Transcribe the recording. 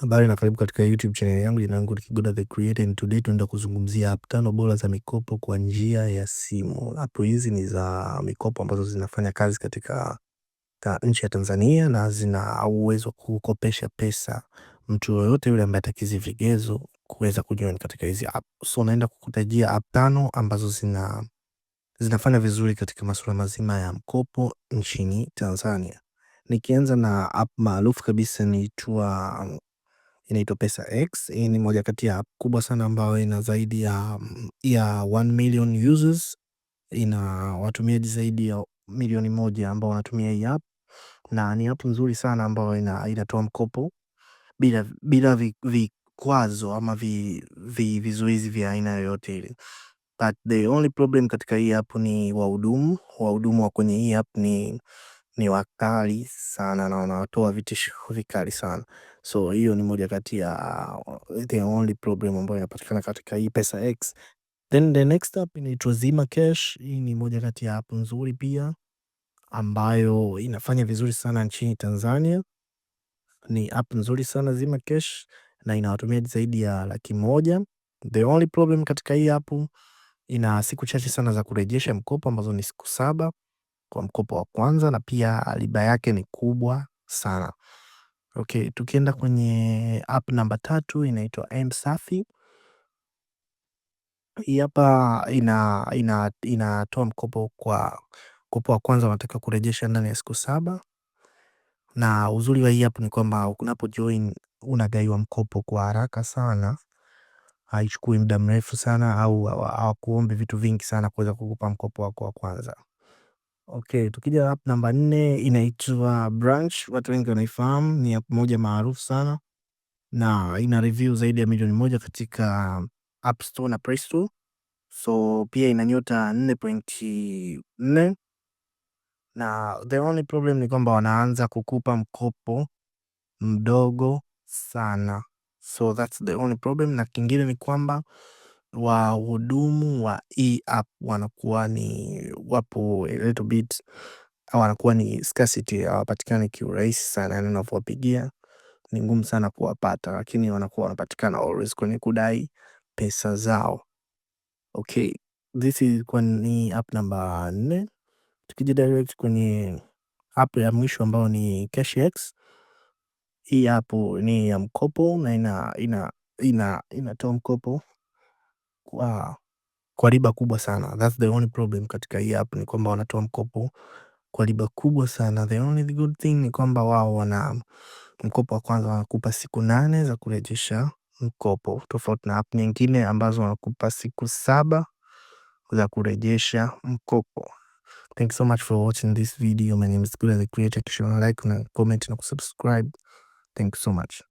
Habari na karibu katika YouTube channel yangu. Jina langu ni Kigoda the Creator, and today tunaenda kuzungumzia app tano bora za mikopo kwa njia ya simu. App hizi ni za mikopo ambazo zinafanya kazi katika ta nchi ya Tanzania na zina uwezo wa kukopesha pesa mtu yoyote yule ambaye atakizi vigezo kuweza kujoin katika hizi app. So naenda kukutajia app tano ambazo zina zinafanya vizuri katika masuala mazima ya mkopo nchini Tanzania. Nikianza na app maarufu kabisa inaitwa inaitwa Pesa X. Hii ni moja kati ya app kubwa sana ambayo ina zaidi ya ya 1 million users, ina watumiaji zaidi ya milioni moja ambao wanatumia hii app, na ni app nzuri sana ambayo ina, inatoa mkopo bila bila vikwazo ama vi, vi, vizuizi vya aina yoyote ile. But the only problem katika hii app ni wahudumu. Wahudumu wa kwenye hii app ni ni wakali sana na wanatoa vitisho vikali sana. So hiyo ni moja kati ya uh, the only problem ambayo inapatikana katika hii pesa X. Then the next app inaitwa Zima Cash. Hii ni moja kati ya app nzuri pia ambayo inafanya vizuri sana nchini Tanzania. Ni app nzuri sana Zima Cash na ina watumiaji zaidi ya laki moja. The only problem katika hii app ina siku chache sana za kurejesha mkopo ambazo ni siku saba kwa mkopo wa kwanza na pia riba yake ni kubwa sana. Okay, tukienda kwenye app namba tatu inaitwa msafi Hii hapa inatoa ina, ina mkopo kwa mkopo wa kwanza unatakiwa kurejesha ndani ya siku saba, na uzuri wa hii app ni kwamba unapo join unagaiwa mkopo kwa haraka sana, haichukui muda mrefu sana au hawakuombi vitu vingi sana kuweza kukupa mkopo wako wa kwanza. Okay, tukija app namba nne inaitwa Branch, watu wengi wanaifahamu, ni app moja maarufu sana na ina review zaidi ya milioni moja katika App Store na Play Store. So pia ina nyota 4.4 na the only problem ni kwamba wanaanza kukupa mkopo mdogo sana, so that's the only problem. Na kingine ni kwamba Wahudumu wa e app wanakuwa ni wapo a little bit, wanakuwa ni scarcity, hawapatikani kiurahisi sana, Yani unavyowapigia ni ngumu sana kuwapata, lakini wanakuwa wanapatikana always kwenye kudai pesa zao. Okay, this ilikuwa ni app namba nne. Tukija direct kwenye app ya mwisho ambayo ni CashX. Hii app ni ya mkopo na ina ina inatoa mkopo kwa, kwa riba kubwa sana. That's the only problem katika hii app ni kwamba wanatoa mkopo kwa riba kubwa sana. The only good thing ni kwamba wao wana mkopo wa kwanza wanakupa siku nane za kurejesha mkopo, tofauti na app nyingine ambazo wanakupa siku saba za kurejesha mkopo. Thank you so much for watching this video. My name is Gula the Creator. Kisha like na comment na kusubscribe. Thank you so much.